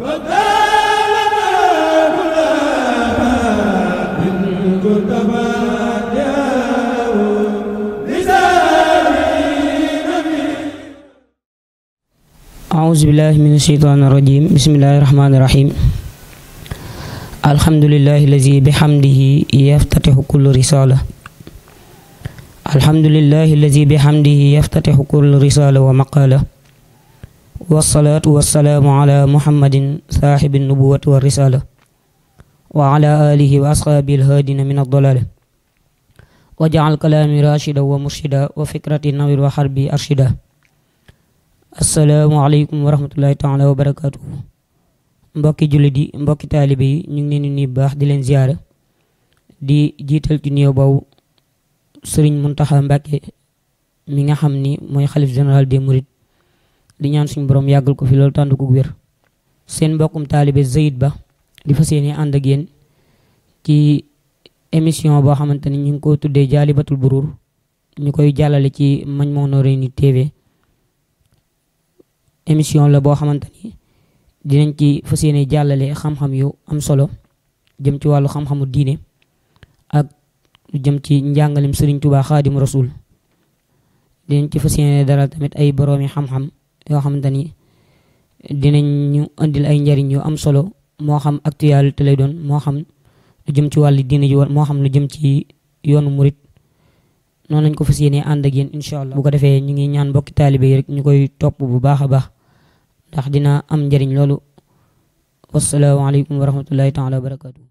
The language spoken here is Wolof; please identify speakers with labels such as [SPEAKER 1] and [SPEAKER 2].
[SPEAKER 1] أعوذ بالله من الشيطان الرجيم بسم الله الرحمن الرحيم الحمد لله الذي بحمده يفتتح كل رسالة الحمد لله الذي بحمده يفتتح كل رسالة ومقالة wasalaatu wasalaamu ala muhammadin saaxibi nubuwat wa risala wa ala alihi wa asxaabi alhaadina min addalaale wa jacal kalaami rachida wa murshida wa fikrati nawir wa xarbi arshida asalaamu aleykum wa rahmatullahi taala wa barakatuhu mbokki jullit yi mbokki taalibe yi ñu ngi baax di leen ziyaare di jiital ci nuyoo boobu sëriñ Muntaxa Mbàkke mi nga xam ni mooy xalif général des mourides di ñaan suñu boroom yàggal ko fi loolu tànd ko wér seen mbokkum taalibe Zaid Ba di fas yéene ànd ak yéen ci émission boo xamante ni ñu ngi ko tuddee jaalibatul buruur ñu koy jàllale ci mañ Majmahun Nurayni TV émission la boo xamante ni dinañ ci fas yéene jàllale xam-xam yu am solo jëm ci wàllu xam-xamu diine ak lu jëm ci njàngalim Sëriñ Tuubaa Xaadimu Rasuul dinañ ci fas yéene dara tamit ay boroomi xam-xam yoo xamante ni dinañ ñu indil ay njariñ yu am solo moo xam actualité lay doon moo xam lu jëm ci wàllu diine ji moo xam lu jëm ci yoonu murit noonu lañ ko fas yéenee ànd ak yéen incha allah bu ko defee ñu ngi ñaan mbokki taalibe yi rek ñu koy topp bu baax a baax ndax dina am njariñ loolu wasalaamaaleykum wa rahmatullahi taala wa barakatu